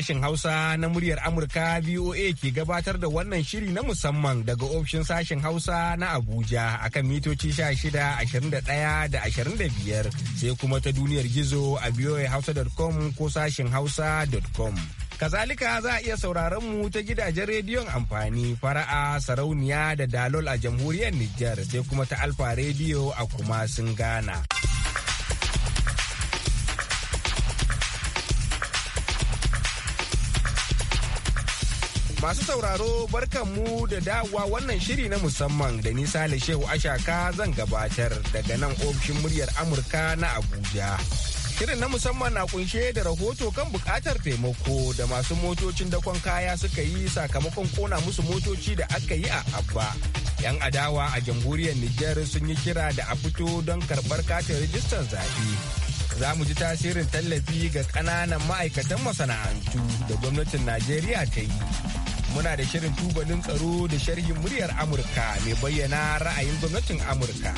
Sashen Hausa na muryar Amurka VOA ke gabatar da wannan shiri na musamman daga ofishin sashen Hausa na Abuja akan mitoci 16, 21 da 25 sai kuma ta duniyar gizo a voahausa.com ko sashen Hausa.com. Kazalika za a iya sauraron mu ta gidajen rediyon amfani fara'a sarauniya da dalol a jamhuriyar Nijar sai kuma ta Alfa rediyo a kuma sun Ghana. Masu sauraro mu da dawowa wannan shiri na musamman da nisa da Shehu Ashaka zan gabatar daga nan ofishin muryar Amurka na Abuja. Shirin na musamman na kunshe da rahoto kan bukatar taimako da masu motocin dakon kaya suka yi sakamakon kona musu motoci da aka yi a Abba. 'Yan adawa a jamhuriyar Nijar sun yi kira da a fito don karɓar katin rijistar zaɓe. za mu ji tasirin tallafi ga ƙananan ma'aikatan masana'antu da gwamnatin Najeriya ta yi. muna da shirin tubalin tsaro da sharhin muryar Amurka mai bayyana ra'ayin gwamnatin Amurka.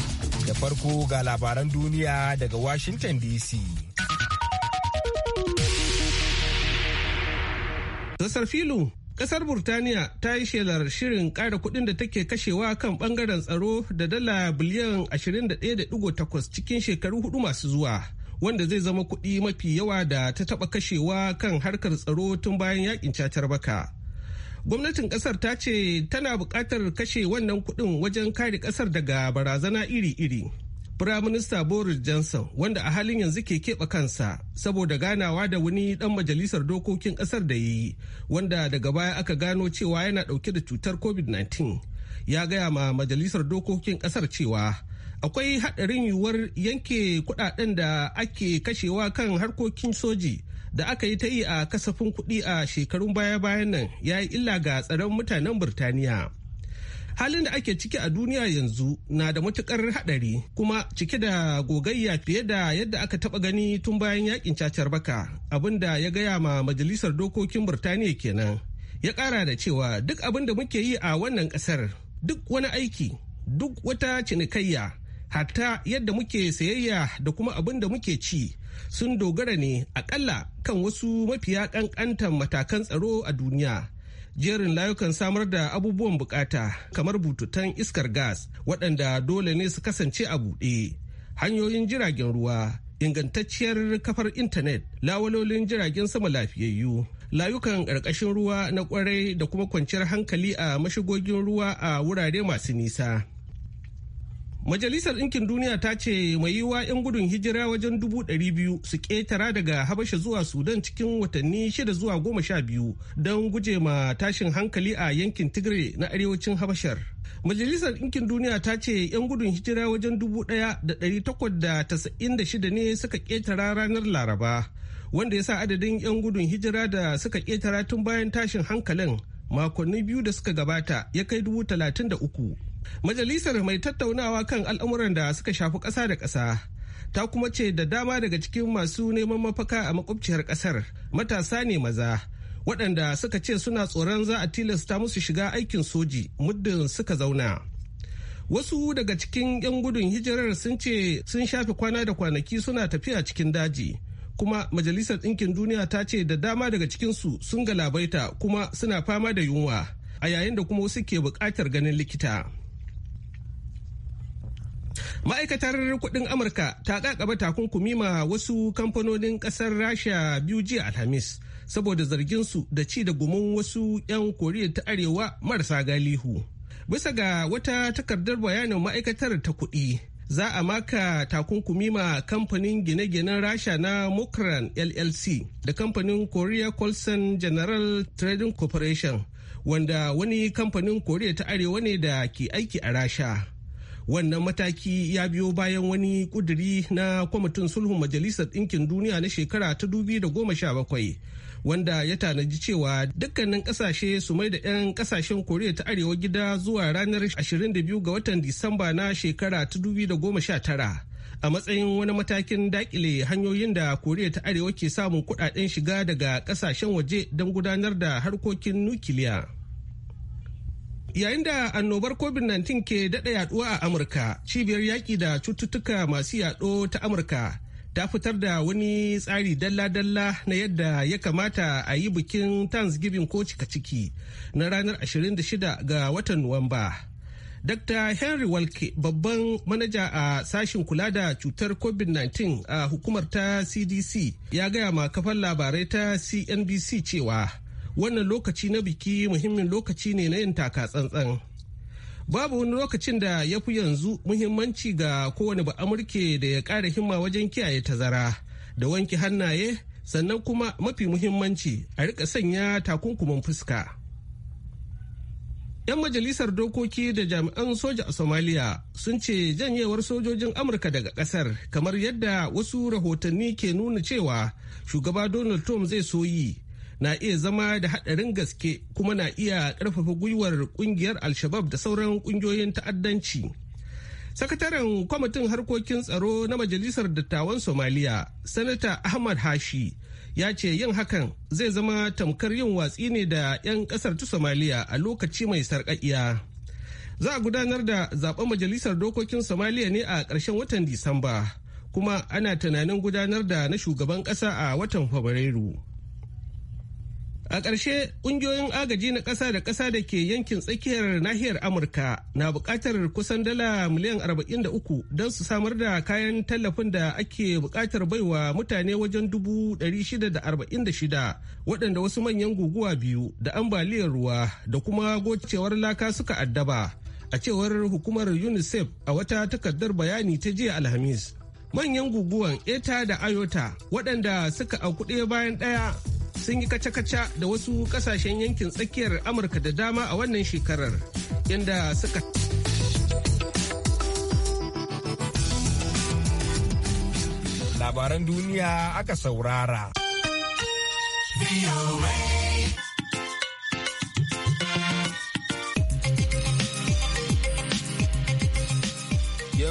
Da farko ga labaran duniya daga Washington DC. Sassar filu, kasar Burtaniya ta yi shelar shirin ƙara kuɗin da take kashewa kan ɓangaren tsaro da dala biliyan 21.8 cikin shekaru hudu masu zuwa. wanda zai zama kuɗi mafi yawa da ta taɓa kashewa kan harkar tsaro tun bayan yakin catar baka. gwamnatin kasar ta ce tana bukatar kashe wannan kuɗin wajen kare kasar daga barazana iri-iri firaminista boris johnson wanda a halin yanzu ke keɓe kansa saboda ganawa da wani ɗan majalisar dokokin ƙasar da ya yi wanda daga baya aka gano cewa yana ɗauke da cutar covid-19 ya gaya ma majalisar dokokin ƙasar cewa akwai haɗarin yiwuwar yanke kuɗaɗen da ake kashewa kan harkokin soji da aka yi ta yi a kasafin kuɗi a shekarun baya-bayan nan ya yi illa ga tsaron mutanen Burtaniya. Halin da ake ciki a duniya yanzu na da matukar haɗari kuma cike da gogayya fiye da yadda aka taɓa gani tun bayan yakin cacar baka da ya gaya ma majalisar dokokin Burtaniya kenan. Ya ƙara da cewa duk abin da muke yi a wannan ƙasar duk wani aiki duk wata cinikayya hatta yadda muke sayayya da kuma abin da muke ci sun dogara ne akalla kan wasu mafiya kankantan matakan tsaro a duniya jerin layukan samar da abubuwan bukata kamar bututan iskar gas waɗanda dole ne su kasance a buɗe hanyoyin jiragen ruwa ingantacciyar kafar intanet lawalolin jiragen sama lafiyayyu layukan ƙarƙashin ruwa na kwarai da kuma kwanciyar hankali a mashigogin ruwa a wurare masu nisa Majalisar Ɗinkin Duniya ta ce mai yiwuwa 'yan gudun hijira wajen dubu ɗari biyu su ƙetara daga Habasha zuwa Sudan cikin watanni shida zuwa goma sha biyu don guje ma tashin hankali a yankin Tigray na arewacin Habashar. Majalisar Ɗinkin Duniya ta ce 'yan gudun hijira wajen dubu ɗaya da ɗari takwas da tasa'in da shida ne suka ƙetara ranar Laraba, wanda ya sa adadin 'yan gudun hijira da suka ƙetara tun bayan tashin hankalin makonni biyu da suka gabata ya kai dubu talatin da uku. Majalisar mai tattaunawa kan al'amuran da suka shafi ƙasa da ƙasa ta kuma ce da dama daga cikin masu neman mafaka a makwabciyar ƙasar matasa ne maza waɗanda suka ce suna tsoron za a tilasta musu shiga aikin soji muddin suka zauna. Wasu daga cikin 'yan gudun hijirar sun ce sun shafe kwana da kwanaki suna tafiya cikin daji. kuma majalisar ɗinkin duniya ta ce da dama daga cikinsu sun galabaita kuma suna fama da yunwa a yayin da kuma wasu ke buƙatar ganin likita. ma'aikatar kudin amurka ta kakaba takunkumi ma wasu kamfanonin kasar rasha biyu jiya alhamis saboda zarginsu da ci da gumin wasu 'yan koriya ta arewa marasa galihu bisa ga wata takardar bayanin ma'aikatar ta kuɗi za a maka takunkumi ma kamfanin gine-ginen rasha na mokran llc da kamfanin korea colson general trading corporation wanda wani kamfanin koriya ta arewa ne da ke aiki a rasha wannan mataki ya biyo bayan wani kuduri na kwamitin sulhun majalisar ɗinkin duniya na shekara ta da goma sha bakwai wanda ya tanaji cewa dukkanin kasashe su mai da 'yan ƙasashen koriya ta arewa gida zuwa ranar 22 ga watan disamba na shekara ta tara. a matsayin wani matakin dakile hanyoyin da koriya ta arewa ke samun kudaden shiga daga kasashen waje don gudanar da harkokin nukiliya. Yayin da annobar COVID-19 ke daɗa yaɗuwa a Amurka, cibiyar yaƙi da cututtuka masu yaɗo ta Amurka ta fitar da wani tsari dalla-dalla na yadda ya kamata a yi bikin Thanksgiving ko cika ciki na ranar 26 ga watan Nuwamba. Dr. Henry Walke babban manaja a sashin kula da cutar COVID-19 a hukumar ta CDC ya gaya ma kafar labarai ta CNBC cewa wannan lokaci na biki muhimmin lokaci ne na yin taka tsantsan babu wani lokacin da ya fi yanzu muhimmanci ga kowane ba amurke da ya ƙara himma wajen kiyaye tazara da wanke hannaye sannan kuma mafi muhimmanci a rika sanya takunkuman fuska. 'Yan majalisar dokoki da jami'an soja a Somalia sun ce janyewar sojojin Amurka daga ƙasar, kamar yadda wasu rahotanni ke nuna cewa shugaba Donald Trump zai so yi na iya zama da haɗarin gaske kuma na iya ƙarfafa gwiwar ƙungiyar alshabab da sauran ƙungiyoyin ta'addanci. Sakataren kwamitin harkokin tsaro na Majalisar Dattawan Somaliya, Sanata Ahmad Hashi, ya ce yin hakan zai zama tamkar yin watsi ne da 'yan ƙasar ta Somaliya a lokaci mai sarƙaƙiya. Za a gudanar da zaben Majalisar Dokokin Somaliya ne a ƙarshen watan Disamba, kuma ana tunanin gudanar da na shugaban ƙasa a watan Fabrairu. A ƙarshe ƙungiyoyin agaji na ƙasa da ƙasa da ke yankin tsakiyar nahiyar Amurka na buƙatar kusan dala miliyan 43 don su samar da kayan tallafin da ake buƙatar baiwa mutane wajen 646 waɗanda wasu manyan guguwa biyu da ambaliyar ruwa da kuma gocewar laka suka addaba a cewar hukumar UNICEF a wata takardar bayani ta jiya Alhamis. Manyan guguwan Eta da Ayota waɗanda suka auku ɗaya bayan ɗaya sun yi kaca-kaca da wasu kasashen yankin tsakiyar amurka da dama a wannan shekarar yadda suka labaran duniya aka saurara.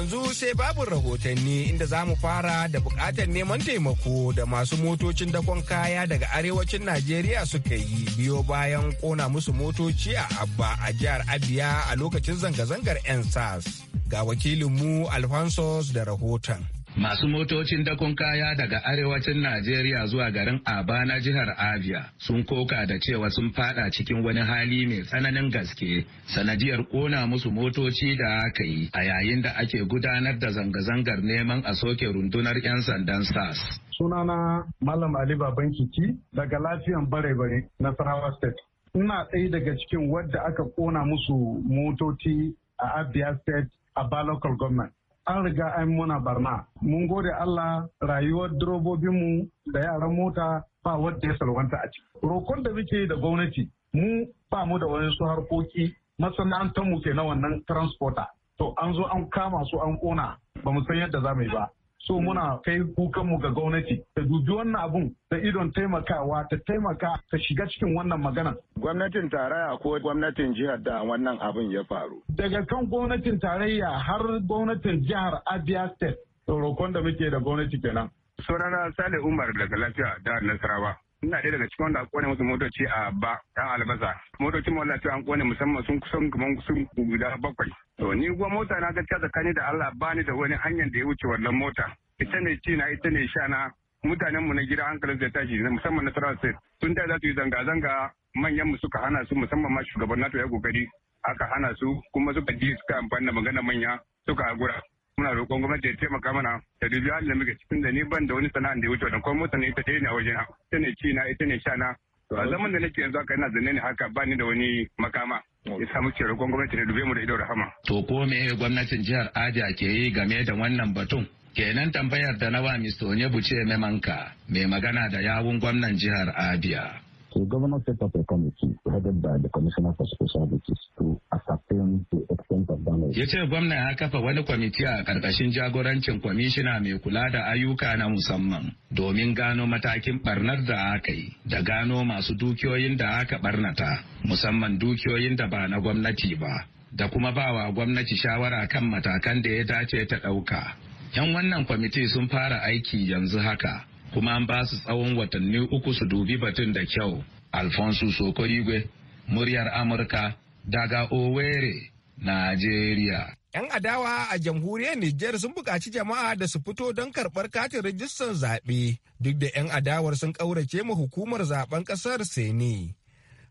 yanzu sai babu rahotanni inda za mu fara da bukatar neman taimako da masu motocin dakon kaya daga arewacin najeriya suka yi biyo bayan kona musu motoci a abba a jihar abia a lokacin zanga-zangar 'yan sas ga wakilinmu alphonsus da rahoton Masu motocin dakon kaya daga arewacin Najeriya zuwa garin Aba na jihar Abia sun koka da cewa sun fada cikin wani hali mai tsananin gaske sanadiyar kona musu motoci da aka yi a yayin da ake gudanar da zanga-zangar neman a soke rundunar 'yan sandan SAS. Sunana Malam Ali Babankiki daga lafiyan bare-bare na Sarawa State. Ina tsaye daga cikin wadda aka kona musu motoci a Abia State a Local Government. an riga an muna barna. Mun gode Allah rayuwar durobobinmu da yaran mota ba wanda ya salwanta a ciki. Rokon da muke da gwamnati mu ba mu da wani su harkoki masana'antar mu ke na wannan transporter. To an zo an kama su an kona ba mu san yadda za mu yi ba. so hmm. muna kai kukanmu ga gwamnati ta dubi wannan abun da idon taimakawa ta taimaka ta shiga cikin wannan magana. Gwamnatin tarayya ko gwamnatin jihar da wannan abun ya faru. Daga kan gwamnatin tarayya har gwamnatin jihar Abia State. Roƙon da muke da gwamnati kenan. Sunana Sale Umar daga lafiya da Nasarawa. ina ɗaya daga cikin wanda a kone musu motoci a ba ɗan albasa motocin mawala an kone musamman sun kusan kaman sun guda bakwai to ni kuma mota na gaskiya tsakani da Allah bani da wani hanyar da ya wuce wannan mota ita ne ci na ita ne sha na mutanen mu na gida hankalin zai tashi musamman na State sun da za su yi zanga-zanga manyan mu suka hana su musamman ma shugaban NATO ya kokari aka hana su kuma suka ji suka amfani da magana manya suka agura muna roƙon gwamnati ta taimaka mana da dubi halin da muke cikin da ni ban da wani sana'a da ya wuce wannan kuma mutane ita ta ne a wajena ita ne ci na ita ne sha na to a zaman da nake yanzu haka ina zanne ne haka ba ni da wani makama ya samu ce roƙon gwamnati ta dube mu da ido rahama. to ko me gwamnatin jihar Aja ke yi game da wannan batun? kenan tambayar da na wa Mr. Onyebuchi Ememanka mai magana da yawun gwamnan jihar Abia. So the governor set up a committee headed by the Commissioner for to ascertain the extent of damage. Ya ce gwamna ya kafa wani kwamiti a ƙarƙashin jagorancin kwamishina mai kula da ayyuka na musamman domin gano matakin barnar da aka yi da gano masu dukiyoyin da aka barnata musamman dukiyoyin da ba na gwamnati ba da kuma ba wa gwamnati shawara kan matakan da ya dace ta ɗauka. 'Yan wannan kwamiti sun fara aiki yanzu haka. kuma an ba su tsawon watanni uku su dubi batun da kyau. Alfonso Sokorigwe, muryar Amurka daga Owerri, Najeriya. 'Yan adawa a jamhuriyar Nijar sun buƙaci jama'a da su fito don karɓar katin rijistar zaɓe duk da 'yan adawar sun ƙaurace ma hukumar zaɓen ƙasar Seni.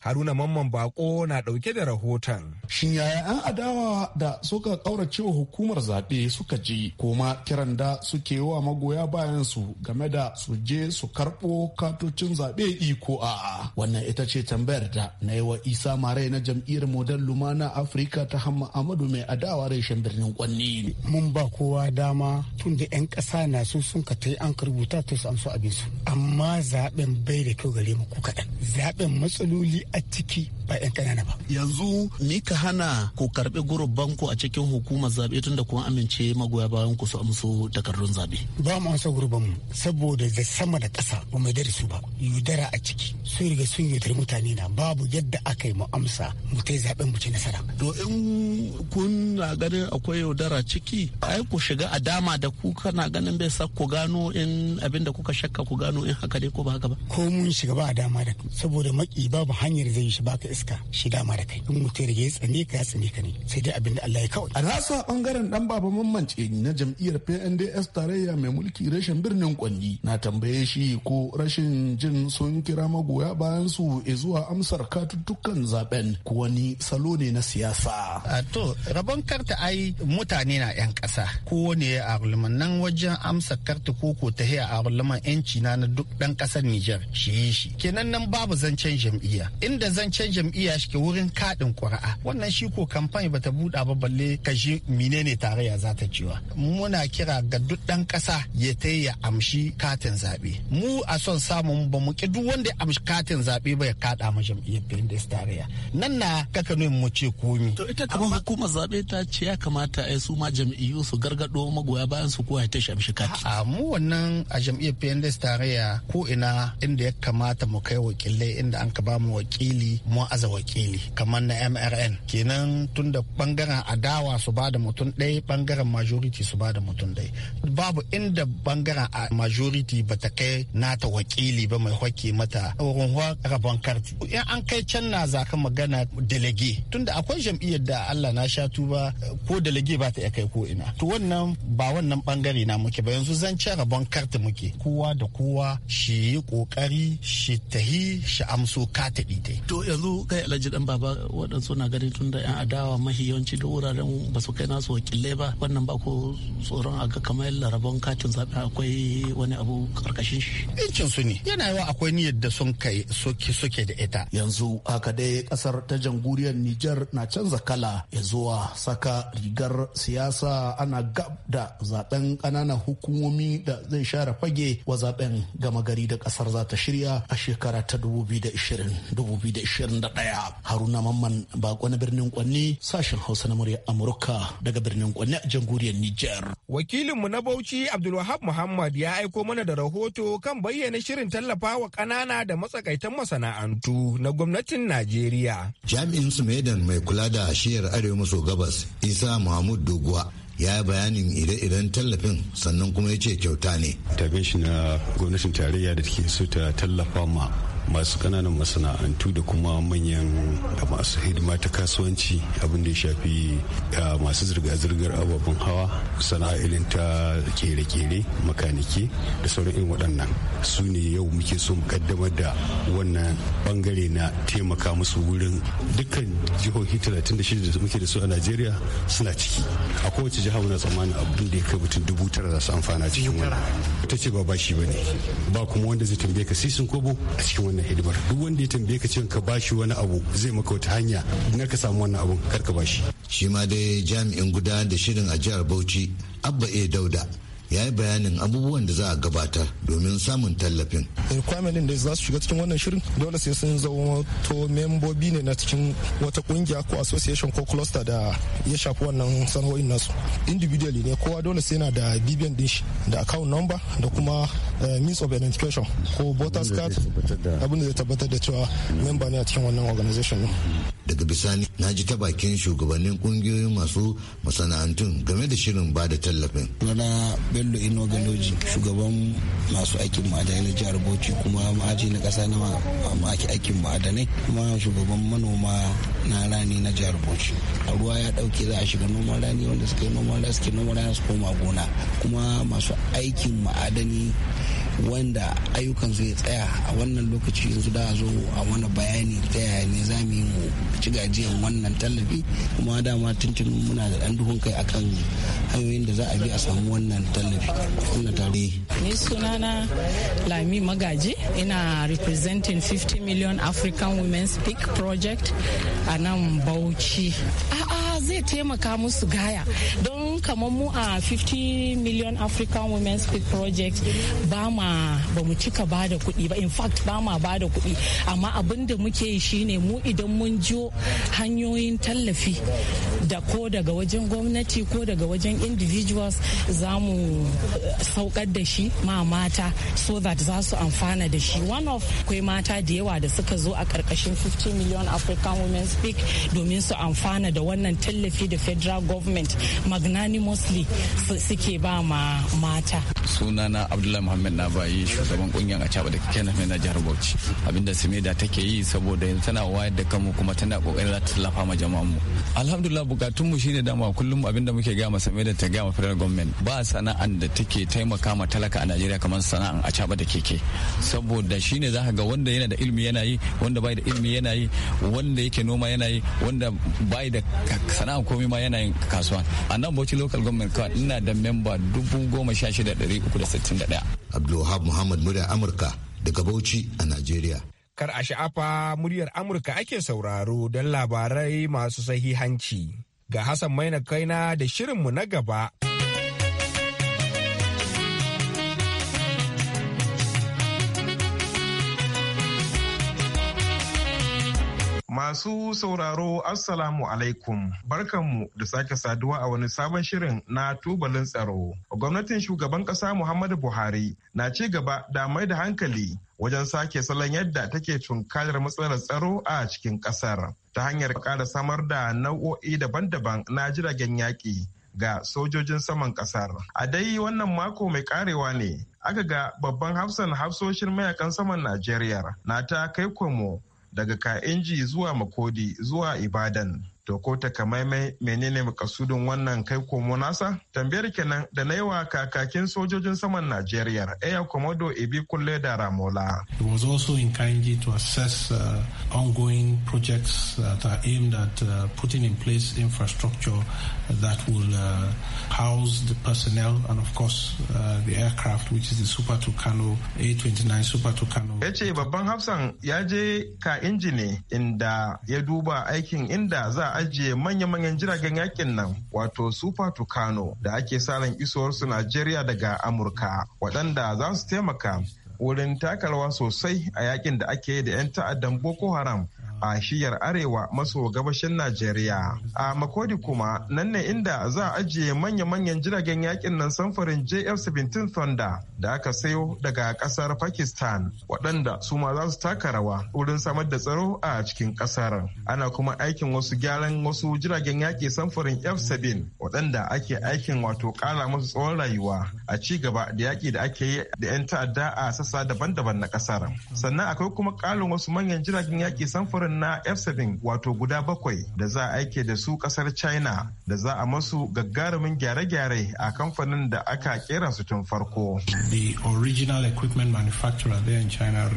Haruna Mamman Bako na ɗauke da rahoton. Shin yaya 'yan adawa da suka ƙauracewa hukumar zaɓe suka je kuma kiran da suke wa magoya bayan su game da su je su karɓo katocin zaɓe iko a Wannan ita ce tambayar da na yi wa Isa Marai na jam'iyyar Model Lumana Afirka ta Hamma Amadu mai adawa reshen birnin Kwanni. Mun ba kowa dama tun da 'yan ƙasa na so sun ka tai an rubuta ta su amsu abin su. Amma zaɓen bai da kyau gare mu ku kaɗan. Zaɓen matsaloli a ciki ba 'yan kanana ba. Yanzu ni ka hana ku karɓi gurubban ku a cikin hukumar zaɓe tun da kuma amince magoya bayan ku su amso takardun zaɓe. Ba mu amsa gurubban mu saboda da sama da ƙasa ba mu da su ba yudara a ciki sun riga sun yudari mutane na babu yadda aka yi mu amsa mu kai zaɓen mu ci nasara. To in kun na ganin akwai yaudara ciki ai ku shiga a dama da ku kana ganin bai sa ku gano in abin kuka shakka ku gano in haka dai ko ba haka ba. Ko mun shiga ba a dama da saboda maki babu hanya hanyar zai shi baka iska shi dama da kai in mutum ya tsane ka ya tsane ka ne sai dai abin da Allah ya kawai a rasa bangaren dan baba mamman ni na jam'iyyar PNDS tarayya mai mulki rashin birnin Kwanni na tambaye shi ko rashin jin sun kira magoya bayan su zuwa amsar katuttukan zaben ko wani salo ne na siyasa a to rabon karta ai mutane na yan kasa ko ne a nan wajen amsa karta koko ta hiya a yanci na na duk dan kasar Nijar shi shi kenan nan babu zancen jam'iyya inda zan can jam'iyya shi ke wurin kaɗin ƙuri'a wannan shi ko kamfani bata buɗa ba balle ka ji menene tarayya za ta ciwa muna kira ga duk ɗan ƙasa ya ta ya amshi katin zaɓe mu a son samun ba mu ki duk wanda ya amshi katin zaɓe ba ya kaɗa ma jam'iyyar pendes tarayya nan na kaka nuna mu ce komi. to ita kamar hukumar zaɓe ta ce ya kamata a su ma jam'iyyu su gargaɗo magoya bayan su ko ya ta amshi kati. a mu wannan a jam'iyyar pendes tarayya ko ina inda ya kamata mu kai wakilai inda an ka ba mu wakilai wakili mu aza wakili kamar na mrn kenan tun da bangaren adawa su ba da mutum ɗaya bangaren majority su ba da mutum ɗaya babu inda bangaren majority ba ta kai nata wakili ba mai hwake mata wurin rabon karti in an kai can na zaka magana delege tunda akwai jam'iyyar da allah na sha tuba ko delege ba ta iya kai ko ina to wannan ba wannan bangare na muke ba yanzu zan ce rabon karti muke kowa da kowa shi yi kokari shi tahi shi amso ka taɗi To yanzu kai alhaji dan baba waɗansu na ganin tun da 'yan adawa mahi yawanci da wuraren ba su kai nasu wakilai ba wannan ba ko tsoron a ga kamar larabon katin zaɓe akwai wani abu karkashin shi. Yancin su ne yana yawa akwai niyyar da sun kai soke soke da ita. Yanzu haka dai kasar ta jamhuriyar Nijar na canza kala ya zuwa saka rigar siyasa ana gab da zaben ƙananan hukumomi da zai share fage wa zaben gama gari da kasar za ta shirya a shekara ta 2020. 2021 haruna mamman bako na birnin kwanni sashen hausa na murya amurka daga birnin kwanni a jamhuriyar niger wakilinmu na bauchi abdulwahab muhammad ya aiko mana da rahoto kan bayyana shirin tallafa wa ƙanana da matsakaitan masana'antu na gwamnatin najeriya jami'in sumedan mai kula da shiyar arewa maso gabas isa mahmud doguwa ya yi bayanin ire-iren tallafin sannan kuma ya ce kyauta ne. Tabe shi na gwamnatin tarayya da take so ta tallafa ma masu kananan masana'antu da kuma manyan masu hidima ta kasuwanci abin da ya shafi masu zirga-zirgar ababen hawa sana'a irin ta kere-kere makaniki da sauran irin waɗannan su ne yau muke so mu kaddamar da wannan bangare na taimaka musu wurin dukkan jihohi 36 da muke da su a najeriya suna ciki a kowace jiha muna tsammanin abin da ya kai mutum dubu tara za su amfana cikin wannan ta ce ba bashi ba ne ba kuma wanda zai tambaye ka sisin kobo a cikin wannan wannan hidimar duk wanda ya tambaye ka cewa ka bashi wani abu zai maka wata hanya na ka samu wannan abun kar ka bashi shi ma dai jami'in guda da shirin a jihar Bauchi Abba A Dauda ya yi bayanin abubuwan da za a gabatar domin samun tallafin. requirement da za su shiga cikin wannan shirin dole sai sun zama to membobi ne na cikin wata kungiya ko association ko cluster da ya shafi wannan sana'o'in nasu individually ne kowa dole sai yana da bbn din shi da account number da kuma eh, means of identification ko voters card abin da zai tabbatar da cewa member ne a cikin wannan organization ne. daga bisani na ji ta bakin shugabannin kungiyoyin masu masana'antun game da shirin ba da tallafin bello ino galoji shugaban masu aikin ma'adanai na jihar bauchi kuma ma'aji na kasa na ma'aki aikin ma'adanai kuma shugaban manoma na rani na jihar bauchi a ruwa ya dauke za a shiga noman rani wanda suka yi noman rani suke noman rani su koma gona kuma masu aikin ma'adani wanda ayyukan zai tsaya a wannan lokaci yanzu da zo a wani bayani ta yaya ne za mu yi mu ci gajiyan wannan tallafi kuma dama tuntun muna da ɗan duhun kai akan hanyoyin da za a bi a samu wannan tallafi tallafi ni sunana lami magaji ina representing 50 million african women speak project a nan bauchi ah, ah, zai taimaka musu gaya don kamar mu a 50 million african women speak project ba ma ba mu cika ba da kuɗi ba in fact ba ma ba da kuɗi amma abin da muke yi shine mu idan mun jo hanyoyin tallafi da ko daga wajen gwamnati ko daga wajen individuals za mu eh, saukar da shi ma mata so that za su amfana da shi one of akwai mata da yawa da suka zo a karkashin 50 million african women speak domin su amfana da wannan tallafi da federal government magnanimously suke ba ma mata sunana abdullahi muhammad na bayi shugaban kungiyar a caba da na jihar bauchi abinda simeda take yi saboda yanzu tana wayar da kanmu kuma tana kokarin za ta tallafa ma jama'an mu alhamdulillah bukatun mu shine dama kullum abinda muke gaya ma da ta gaya ma federal government ba sana'an da take taimaka ma talaka a najeriya kamar sana'an a caba da keke saboda shine za ka ga wanda yana da ilimi yana yi wanda bai da ilimi yana yi wanda yake noma yana yi wanda bai da sana'a komai ma yana yin kasuwa a nan bauchi local government kawai ina da memba dubu goma sha shida dari uku da sittin da ɗaya. abdulwahab muhammad murya amurka daga bauchi a nigeria. kar a sha'afa muryar amurka ake sauraro don labarai masu sahihanci ga hassan maina kaina da shirinmu na gaba. Masu sauraro Assalamu alaikum barkanmu da sake saduwa a wani sabon shirin na tubalin tsaro. Gwamnatin shugaban ƙasa Muhammadu Buhari na ci gaba da mai da hankali wajen sake salon yadda take tunkarar matsalar tsaro a cikin ƙasar ta hanyar ƙara samar da nau'o'i daban-daban na jiragen yaƙi ga sojojin saman ƙasar. A dai wannan mako mai ƙarewa ne aka ga babban hafsan hafsoshin mayakan saman Najeriya na ta kai komo daga Ka'inji zuwa Makodi zuwa Ibadan. To ko takamaimai menene makasudin wannan kai komo nasa? Tambayar kenan da na yi wa kakakin sojojin saman Najeriya Air Komodo Ibi Kulle da Ramola. It was also in Kanji to assess uh, ongoing projects that are aimed at uh, putting in place infrastructure that will uh, house the personnel and of course uh, the aircraft which is the Super Tucano A29 Super Tucano. Ya babban hafsan ya je ka ne inda ya duba aikin inda za a ajiye manya-manyan jiragen yakin nan wato Super Tucano da ake saran isowarsu Najeriya daga Amurka waɗanda za su taimaka wurin takarwa sosai a yakin da ake yi da 'yan ta'addan Boko Haram a shiyar arewa maso gabashin Najeriya. A Makodi kuma nan ne inda za a ajiye manya-manyan jiragen yakin nan samfurin JF-17 Thunder da aka sayo daga kasar Pakistan waɗanda su ma za su taka rawa wurin samar da tsaro a cikin kasar. Ana kuma aikin wasu gyaran wasu jiragen yaki samfurin F-7 waɗanda ake aikin wato ƙara musu tsawon rayuwa a ci gaba da yaki da ake yi da 'yan ta'adda a sassa daban-daban na kasar. Sannan akwai kuma ƙalin wasu manyan jiragen yaƙi samfurin ɗin na f-7 wato guda bakwai da za a aike da su kasar china da za a masu gagarumin gyare-gyare a kamfanin da aka kera su tun farko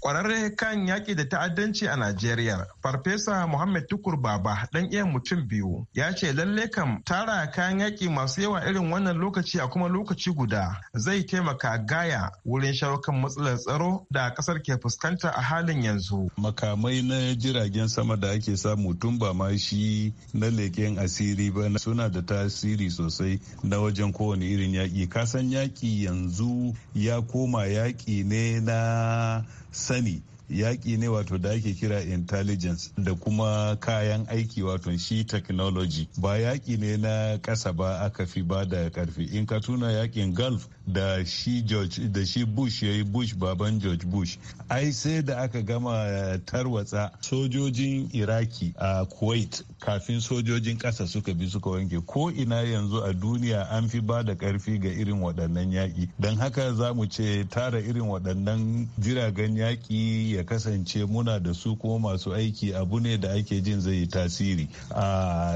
kwararre kan yaƙi da ta'addanci a najeriya farfesa muhammad tukur baba ɗan iya mutum biyu ya ce lalle kam tara kayan yaƙi masu yawa irin wannan lokaci a kuma lokaci guda zai taimaka gaya wurin shawo kan matsalar tsaro da ƙasar ke fuskanta a halin yanzu makamai na jiragen jiragen sama da ake samu tun ba ma shi na leƙen asiri ba suna da tasiri sosai na wajen kowane irin yaƙi kasan yaƙi yanzu ya koma yaƙi ne na sani yaƙi ne wato da ake kira intelligence da kuma kayan aiki wato shi technology ba yaƙi ne na ƙasa ba aka fi ba da ƙarfi in ka tuna yaƙin gulf da shi george da shi bush ya yi bush baban george bush ai sai da aka gama tarwatsa sojojin iraki a kuwait kafin sojojin ƙasa suka bi suka wanke ko ina yanzu a duniya an fi ba da ƙarfi ga irin waɗannan yaƙi don haka za mu ce tara irin waɗannan jiragen yaƙi ya kasance muna da su ko masu aiki abu ne da ake jin zai yi tasiri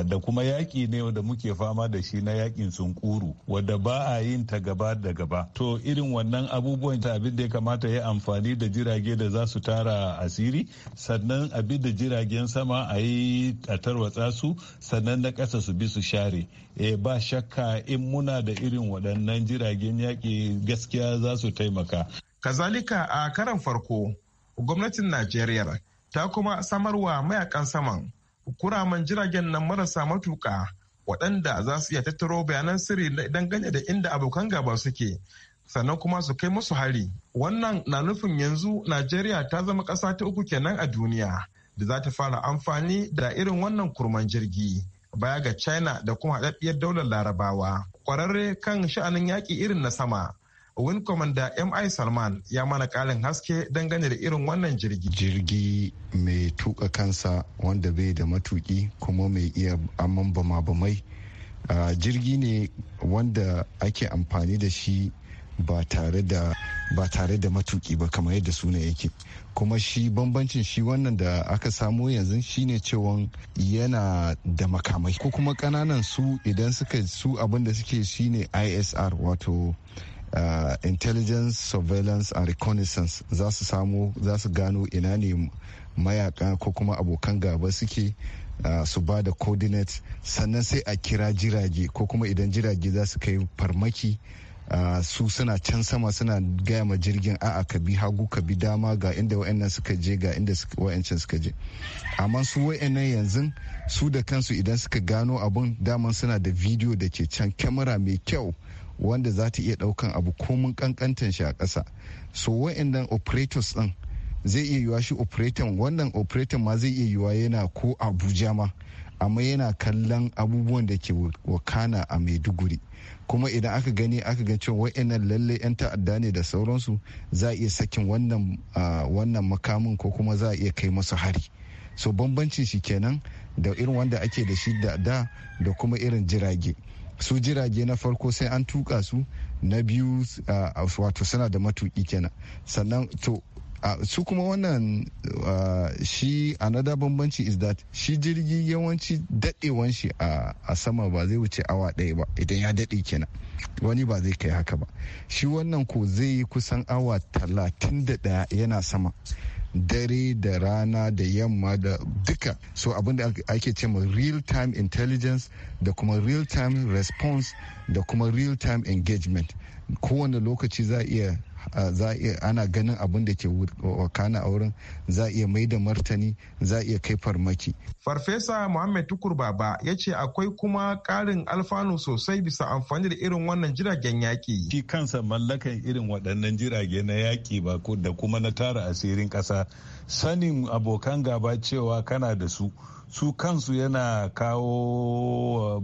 da kuma yaƙi ne da muke fama da shi na yaƙin sunkuru wadda ba a yin ta gaba da gaba to irin wannan abubuwan ta abin da ya kamata ya amfani da jirage da za su tara asiri sannan abin da jiragen sama a yi a tarwatsa tarwatsa su sannan na ƙasa su bi su share eh ba shakka in muna da irin waɗannan jiragen yaƙi gaskiya za su taimaka kazalika a karan farko gwamnatin najeriya ta kuma samarwa mayakan saman kuraman jiragen nan marasa matuka waɗanda za su iya tattaro bayanan sirri ganye da inda abokan gaba suke sannan kuma su kai musu hari wannan na nufin yanzu najeriya ta zama ƙasa ta uku kenan a duniya da za ta fara amfani da irin wannan kurman jirgi baya ga china da kuma haɗaɗɗiyar daular larabawa kwararre kan sha'anin yaƙi irin na sama win commander mi salman ya mana ƙalin haske dangane da irin wannan jirgi jirgi mai tuka kansa wanda bai da matuki kuma mai iya amman bama-bamai jirgi ne wanda ake amfani da shi ba tare da matuki ba kamar yadda suna yake kuma shi bambancin shi wannan da aka samo yanzu shine cewa yana da makamai ko kuma kananan su idan suka su abin da suke shine isr wato uh, intelligence surveillance and reconnaissance za su samu za su gano ina ne mayaka ko kuma abokan gaba suke Uh, su ba da coordinates sannan sai a kira jirage ko kuma idan jirage za su kai farmaki Ah, su suna can sama suna gaya ma jirgin a'a ka bi hagu ka bi dama ga inda wa'annan suka je ga inda wa'ancan suka je amma su wa'annan yanzu su da kansu idan suka gano abun daman suna da bidiyo da ke can kyamara mai kyau wanda za ta iya daukan abu komun kankantan shi a ƙasa so wa'annan operators din zai iya yiwa shi operator wannan operator ma zai iya yiwa yana ko abuja ma amma yana kallon abubuwan da ke wakana a maiduguri kuma idan aka gani aka ga cewa wa'annan lalle 'yan ta'adda ne da sauransu za a iya sakin wannan wannan makamin ko kuma za a iya kai masu hari so bambancin shi kenan da irin wanda ake da shi da da da kuma irin jirage su jirage na farko sai an tuka su na biyu wato suna da matuki kenan sannan to su kuma wannan shi anada bambanci is that shi jirgi yawanci dadewan shi a sama ba zai wuce awa daya ba idan ya dade kenan wani ba zai kai haka ba shi wannan ko zai yi kusan awa talatin da daya yana sama dare da rana da yamma da duka so abinda ake ce ma real time intelligence da kuma real time response da kuma real time engagement kowane lokaci za a iya ana ganin abin da ke wakana a wurin za a iya mai da martani za a iya kai farmaki. farfesa muhammed tukur baba ya ce akwai kuma karin alfanu sosai bisa amfani da irin wannan jiragen yaƙi. shi kansa mallakan irin waɗannan jirage na yaƙi ba da kuma na tara asirin ƙasa sanin abokan gaba cewa kana da su su kansu yana kawo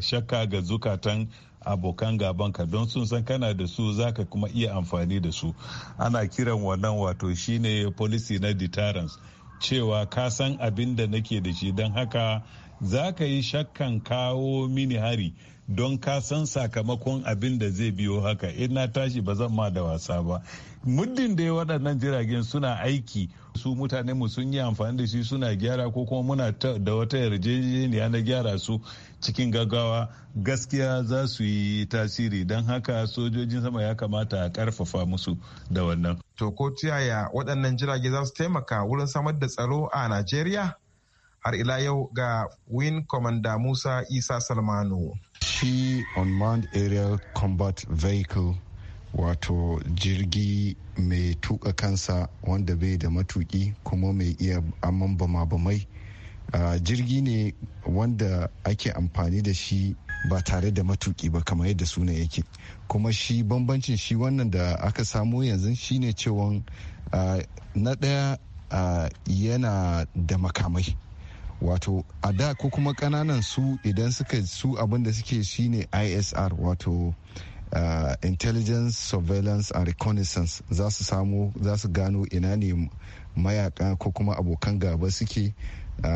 shakka ga zukatan abokan gabanka don sun san kana da su zaka kuma iya amfani da su ana kiran wannan wato shine policy na deterrence cewa ka san abin da nake da shi don haka za ka yi shakkan kawo mini hari don ka san sakamakon abin da zai biyo haka in na tashi ba zan ma da wasa ba muddin da waɗannan jiragen suna aiki su mutane mu sun yi amfani da shi suna gyara ko kuma muna da wata yarjejeniya na gyara su cikin gaggawa gaskiya za su yi tasiri don haka sojojin sama ya kamata a karfafa musu da wannan. To ko yaya waɗannan jirage za su taimaka wurin samar da tsaro a Najeriya? Har ila yau ga Win Commander Musa Isa Salmanu. Shi Unmanned Aerial Combat Vehicle wato jirgi mai tuka kansa wanda bai da matuki kuma mai iya amman bama-bamai jirgi ne wanda ake amfani da shi ba tare da matuki ba kamar yadda suna yake kuma shi bambancin shi wannan da aka samo yanzu shine cewa na ɗaya yana da makamai wato a da ko kuma kananan su idan suka su abin da suke shine isr wato uh, intelligence surveillance and reconnaissance za su samu za su gano ina ne mayaka ko kuma abokan gaba suke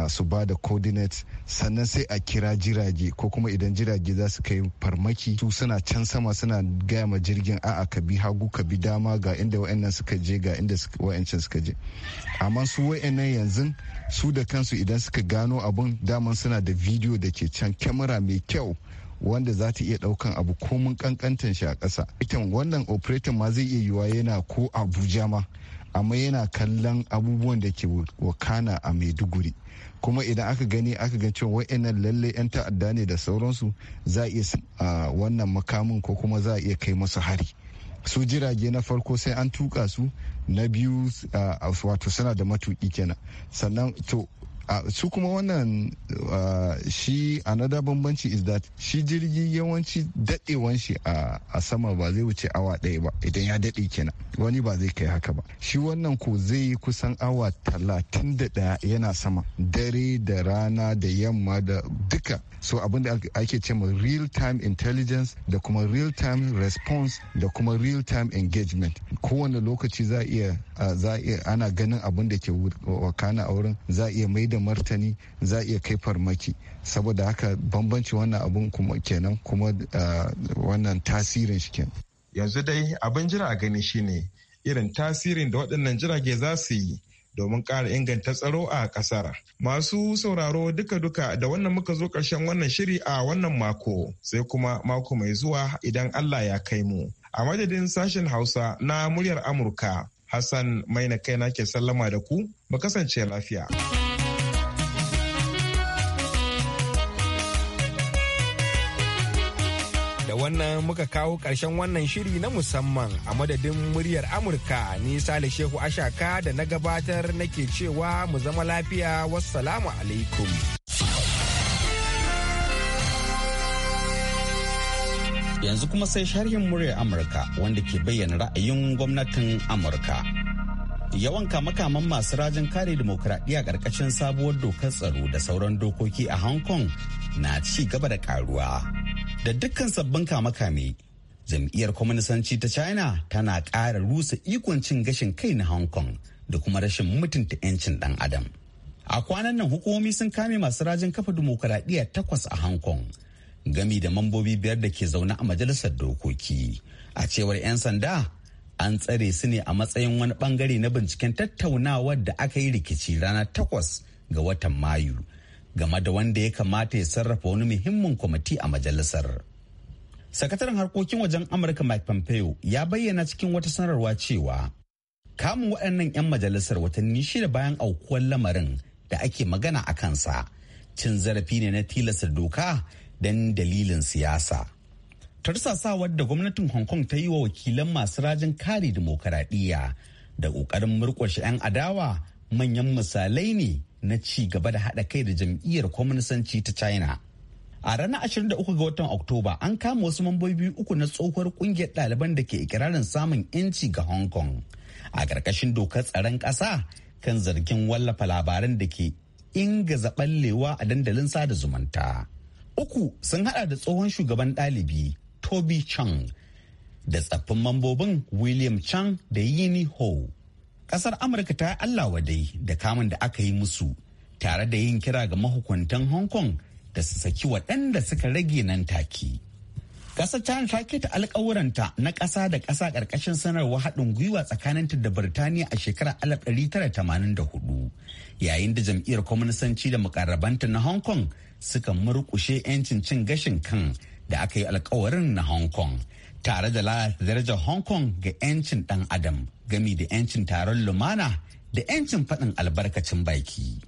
su ba da coordinates sannan sai a kira jirage ko kuma idan jirage za su kai farmaki su suna can sama suna gaya ma jirgin a'a ka bi hagu ka bi dama ga inda wa'annan suka je ga inda wa'ancan suka je amma su wa'annan yanzu su da kansu idan suka gano abun daman suna da video da ke can kyamara mai kyau wanda za ta iya daukan abu komun kankantan shi a ƙasa ita wannan operator ma zai iya yiwa yana ko abuja ma amma yana kallon abubuwan da ke wakana a maiduguri kuma idan aka gani aka ga cewa wa'annan lalle 'yan ta'adda ne da sauransu za a iya wannan makamin ko kuma za a iya kai masu hari su jirage na farko sai an tuka su na biyu wato suna da matuki kenan sannan to su kuma wannan shi another bambanci is that shi jirgi yawanci dadewan shi a sama ba zai wuce awa ɗaya ba idan ya dade kenan wani ba zai kai haka ba shi wannan ku zai yi kusan awa talatin da ɗaya yana sama dare da rana da yamma da duka so abin da ake ce real time intelligence da kuma real time response da kuma real time engagement kowane lokaci za a iya ana ganin abin da ke wakana a wurin za a iya maida da martani za iya kai farmaki saboda haka bambanci wannan abun kuma kenan kuma wannan tasirin shi kenan yanzu dai abin jira a gani shine irin tasirin da waɗannan jirage za su yi domin ƙara inganta tsaro a ƙasar. Masu sauraro duka-duka da wannan muka zo ƙarshen wannan shiri a wannan mako sai kuma mako mai zuwa idan Allah ya kai mu. A madadin sashen Hausa na muryar Amurka, Hassan Maina na ke sallama da ku, ba kasance lafiya. wannan muka kawo ƙarshen wannan shiri na musamman a madadin muryar Amurka ni Sale Shehu Ashaka da na gabatar nake cewa mu zama lafiya wassalamu alaikum. Yanzu kuma sai sharhin muryar Amurka wanda ke bayyana ra'ayin gwamnatin Amurka. yawan kama-kaman masu rajin kare demokuraɗiyya ƙarƙashin sabuwar dokar tsaro da sauran dokoki a hong kong na ci gaba da karuwa da dukkan sabbin kame-kame jam'iyyar kwaminisanci ta china tana ƙara rusa ikon cin gashin kai na hong kong da kuma rashin mutunta 'yancin ɗan adam a kwanan nan hukumomi sun kame masu rajin kafa dimokuraɗiyya takwas a hong kong gami da mambobi biyar da ke zaune a majalisar dokoki a cewar 'yan sanda an tsare su ne a matsayin wani bangare na binciken tattaunawar da aka yi rikici ranar takwas ga watan mayu game da wanda ya kamata ya sarrafa wani muhimmin kwamiti a majalisar. Sakataren harkokin wajen Amurka Mike Pompeo ya bayyana cikin wata sanarwa cewa kamun waɗannan 'yan majalisar watanni shida bayan aukuwar lamarin da ake magana a kansa cin zarafi ne na tilasta doka don dalilin siyasa. Tarsasawar da gwamnatin Hong Kong ta yi wa wakilan masu rajin kare dimokuraɗiyya da ƙoƙarin murƙushe 'yan adawa manyan misalai ne na ci gaba da haɗa kai da jam'iyyar kwamnisanci ta china a ranar 23 ga watan oktoba an kama wasu mambobi uku na tsohuwar kungiyar ɗaliban da ke ikirarin samun 'yanci ga hong kong a ƙarƙashin dokar tsaron ƙasa kan zargin wallafa labaran da ke ingaza ɓallewa a dandalin sada zumunta uku sun haɗa da tsohon shugaban ɗalibi toby chang da tsaffin mambobin william chang da yini ho kasar amurka ta allah wadai da kamun da aka yi musu tare da yin kira ga mahukuntan hong kong da su saki waɗanda suka rage nan take kasar china ta keta alkawuranta na ƙasa da ƙasa ƙarƙashin sanarwa haɗin gwiwa tsakaninta da birtaniya a shekarar 1984 yayin da jam'iyyar kwamnisanci da mukarrabanta na hong kong suka murƙushe 'yancin cin gashin kan da aka yi alkawarin na hong kong tare da lalata darajar hong kong ga 'yancin ɗan adam gami da 'yancin taron lumana da 'yancin faɗin albarkacin baki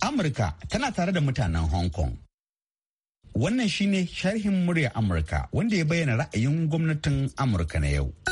amurka tana tare da mutanen hong kong wannan shine sharhin murya amurka wanda ya bayyana ra'ayin gwamnatin amurka na yau